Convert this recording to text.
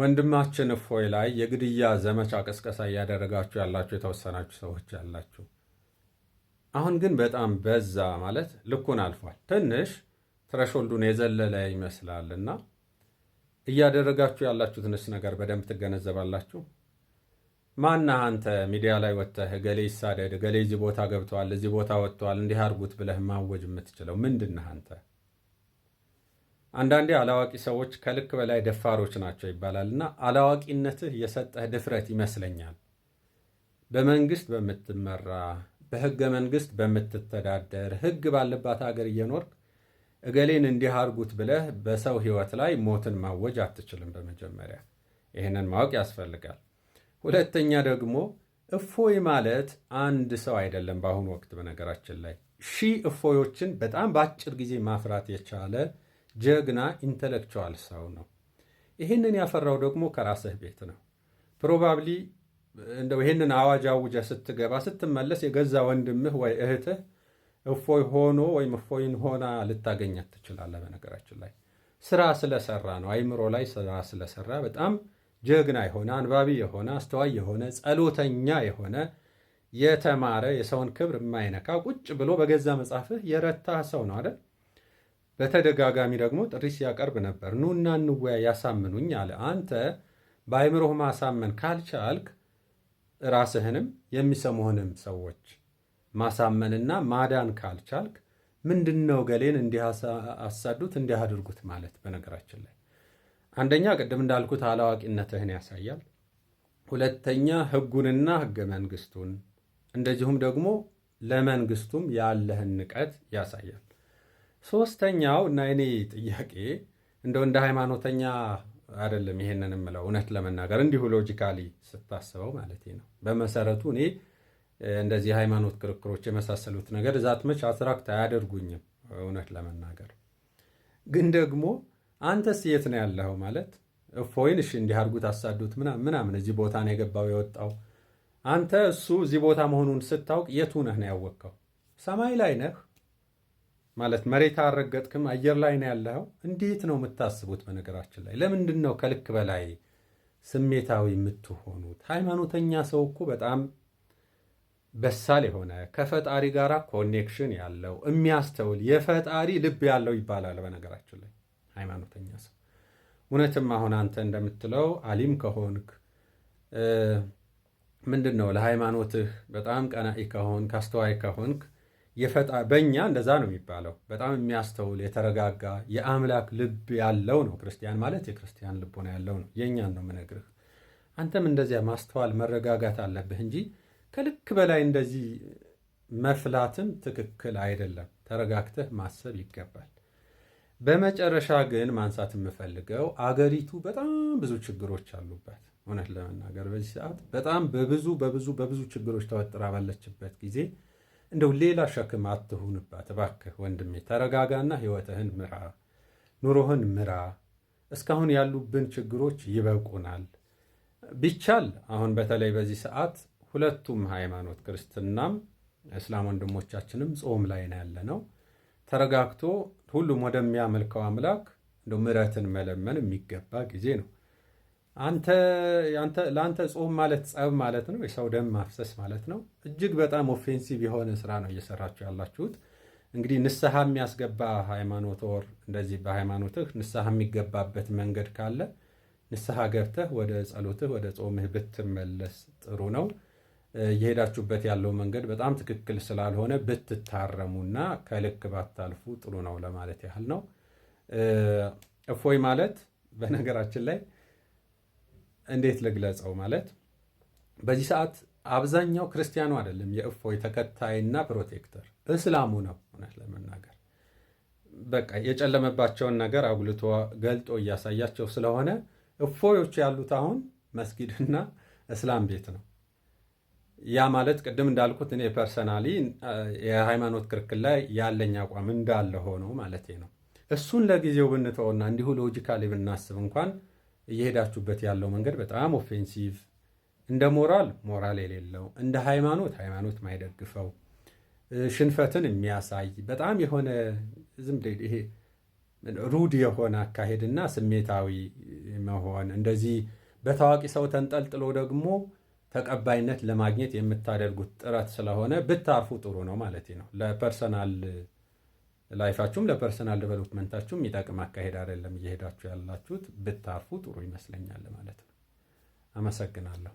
ወንድማችን እፎይ ላይ የግድያ ዘመቻ ቅስቀሳ እያደረጋችሁ ያላችሁ የተወሰናችሁ ሰዎች ያላችሁ፣ አሁን ግን በጣም በዛ ማለት ልኩን አልፏል። ትንሽ ትረሾልዱን የዘለለ ይመስላል እና እያደረጋችሁ ትንሽ ነገር በደንብ ትገነዘባላችሁ። ማና አንተ ሚዲያ ላይ ወጥተህ እገሌ ይሳደድ፣ እገሌ እዚህ ቦታ ገብተዋል፣ እዚህ ቦታ ወጥተዋል፣ እንዲህ አርጉት ብለህ ማወጅ የምትችለው ምንድን ነህ አንተ? አንዳንዴ አላዋቂ ሰዎች ከልክ በላይ ደፋሮች ናቸው ይባላል እና አላዋቂነትህ የሰጠህ ድፍረት ይመስለኛል። በመንግስት በምትመራ በህገ መንግስት በምትተዳደር ህግ ባለባት ሀገር እየኖርክ እገሌን እንዲህ አድርጉት ብለህ በሰው ህይወት ላይ ሞትን ማወጅ አትችልም። በመጀመሪያ ይህንን ማወቅ ያስፈልጋል። ሁለተኛ ደግሞ እፎይ ማለት አንድ ሰው አይደለም። በአሁኑ ወቅት በነገራችን ላይ ሺህ እፎዮችን በጣም በአጭር ጊዜ ማፍራት የቻለ ጀግና ኢንተሌክቹዋል ሰው ነው። ይህንን ያፈራው ደግሞ ከራስህ ቤት ነው። ፕሮባብሊ እንደው ይህንን አዋጅ አውጀ ስትገባ ስትመለስ የገዛ ወንድምህ ወይ እህትህ እፎይ ሆኖ ወይም እፎይን ሆና ልታገኛት ትችላለህ። በነገራችን ላይ ስራ ስለሰራ ነው። አይምሮ ላይ ስራ ስለሰራ በጣም ጀግና የሆነ አንባቢ የሆነ አስተዋይ የሆነ ጸሎተኛ የሆነ የተማረ የሰውን ክብር የማይነካ ቁጭ ብሎ በገዛ መጽሐፍህ የረታ ሰው ነው አይደል? በተደጋጋሚ ደግሞ ጥሪ ሲያቀርብ ነበር። ኑና እንወያ ያሳምኑኝ አለ። አንተ በአይምሮህ ማሳመን ካልቻልክ ራስህንም የሚሰሙህንም ሰዎች ማሳመንና ማዳን ካልቻልክ ምንድን ነው ገሌን እንዲህ አሳዱት እንዲህ አድርጉት ማለት? በነገራችን ላይ አንደኛ ቅድም እንዳልኩት አላዋቂነትህን ያሳያል። ሁለተኛ ህጉንና ህገ መንግስቱን እንደዚሁም ደግሞ ለመንግስቱም ያለህን ንቀት ያሳያል። ሶስተኛው እና እኔ ጥያቄ እንደው እንደ ሃይማኖተኛ አይደለም ይሄንን የምለው እውነት ለመናገር እንዲሁ ሎጂካሊ ስታስበው ማለት ነው። በመሰረቱ እኔ እንደዚህ ሃይማኖት ክርክሮች የመሳሰሉት ነገር ዛት መች አትራክት አያደርጉኝም እውነት ለመናገር ግን ደግሞ አንተስ የት ነው ያለኸው ማለት እፎይን እሺ እንዲህ አድርጉት አሳዱት ምናምን እዚህ ቦታ ነው የገባው የወጣው አንተ እሱ እዚህ ቦታ መሆኑን ስታውቅ የቱ ነህ ነው ያወቅከው ሰማይ ላይ ነህ ማለት መሬት አረገጥክም አየር ላይ ነው ያለው። እንዴት ነው የምታስቡት? በነገራችን ላይ ለምንድን ነው ከልክ በላይ ስሜታዊ የምትሆኑት? ሃይማኖተኛ ሰው እኮ በጣም በሳል የሆነ ከፈጣሪ ጋር ኮኔክሽን ያለው የሚያስተውል የፈጣሪ ልብ ያለው ይባላል። በነገራችን ላይ ሃይማኖተኛ ሰው እውነትም አሁን አንተ እንደምትለው አሊም ከሆንክ ምንድን ነው ለሃይማኖትህ በጣም ቀናኢ ከሆንክ አስተዋይ ከሆንክ በእኛ እንደዛ ነው የሚባለው። በጣም የሚያስተውል የተረጋጋ የአምላክ ልብ ያለው ነው ክርስቲያን ማለት። የክርስቲያን ልቦና ያለው ነው። የእኛን ነው ምነግርህ። አንተም እንደዚያ ማስተዋል፣ መረጋጋት አለብህ እንጂ ከልክ በላይ እንደዚህ መፍላትም ትክክል አይደለም። ተረጋግተህ ማሰብ ይገባል። በመጨረሻ ግን ማንሳት የምፈልገው አገሪቱ በጣም ብዙ ችግሮች አሉበት እውነት ለመናገር በዚህ ሰዓት በጣም በብዙ በብዙ በብዙ ችግሮች ተወጥራ ባለችበት ጊዜ እንደው ሌላ ሸክም አትሁንባት እባክህ ወንድሜ፣ ተረጋጋና ህይወትህን ምራ፣ ኑሮህን ምራ። እስካሁን ያሉብን ችግሮች ይበቁናል። ቢቻል አሁን በተለይ በዚህ ሰዓት ሁለቱም ሃይማኖት ክርስትናም እስላም ወንድሞቻችንም ጾም ላይ ነው ነው። ተረጋግቶ ሁሉም ወደሚያመልከው አምላክ እንደው ምሕረትን መለመን የሚገባ ጊዜ ነው። አንተ ለአንተ ጾም ማለት ጸብ ማለት ነው፣ የሰው ደም ማፍሰስ ማለት ነው። እጅግ በጣም ኦፌንሲቭ የሆነ ስራ ነው እየሰራችሁ ያላችሁት። እንግዲህ ንስሐ የሚያስገባ ሃይማኖት ወር እንደዚህ በሃይማኖትህ ንስሐ የሚገባበት መንገድ ካለ ንስሐ ገብተህ ወደ ጸሎትህ ወደ ጾምህ ብትመለስ ጥሩ ነው። እየሄዳችሁበት ያለው መንገድ በጣም ትክክል ስላልሆነ ብትታረሙና ከልክ ባታልፉ ጥሩ ነው ለማለት ያህል ነው። እፎይ ማለት በነገራችን ላይ እንዴት ልግለጸው ማለት በዚህ ሰዓት አብዛኛው ክርስቲያኑ አይደለም የእፎይ ተከታይና ፕሮቴክተር እስላሙ ነው። እውነት ለመናገር በቃ የጨለመባቸውን ነገር አጉልቶ ገልጦ እያሳያቸው ስለሆነ እፎዮች ያሉት አሁን መስጊድና እስላም ቤት ነው። ያ ማለት ቅድም እንዳልኩት እኔ ፐርሰናሊ የሃይማኖት ክርክል ላይ ያለኝ አቋም እንዳለ ሆኖ ማለት ነው። እሱን ለጊዜው ብንተውና እንዲሁ ሎጂካሊ ብናስብ እንኳን እየሄዳችሁበት ያለው መንገድ በጣም ኦፌንሲቭ፣ እንደ ሞራል ሞራል የሌለው እንደ ሃይማኖት ሃይማኖት ማይደግፈው ሽንፈትን የሚያሳይ በጣም የሆነ ዝም ይሄ ሩድ የሆነ አካሄድና ስሜታዊ መሆን እንደዚህ በታዋቂ ሰው ተንጠልጥሎ ደግሞ ተቀባይነት ለማግኘት የምታደርጉት ጥረት ስለሆነ ብታርፉ ጥሩ ነው ማለት ነው ለፐርሰናል ላይፋችሁም ለፐርሰናል ዴቨሎፕመንታችሁም የሚጠቅም አካሄድ አይደለም እየሄዳችሁ ያላችሁት። ብታርፉ ጥሩ ይመስለኛል ማለት ነው። አመሰግናለሁ።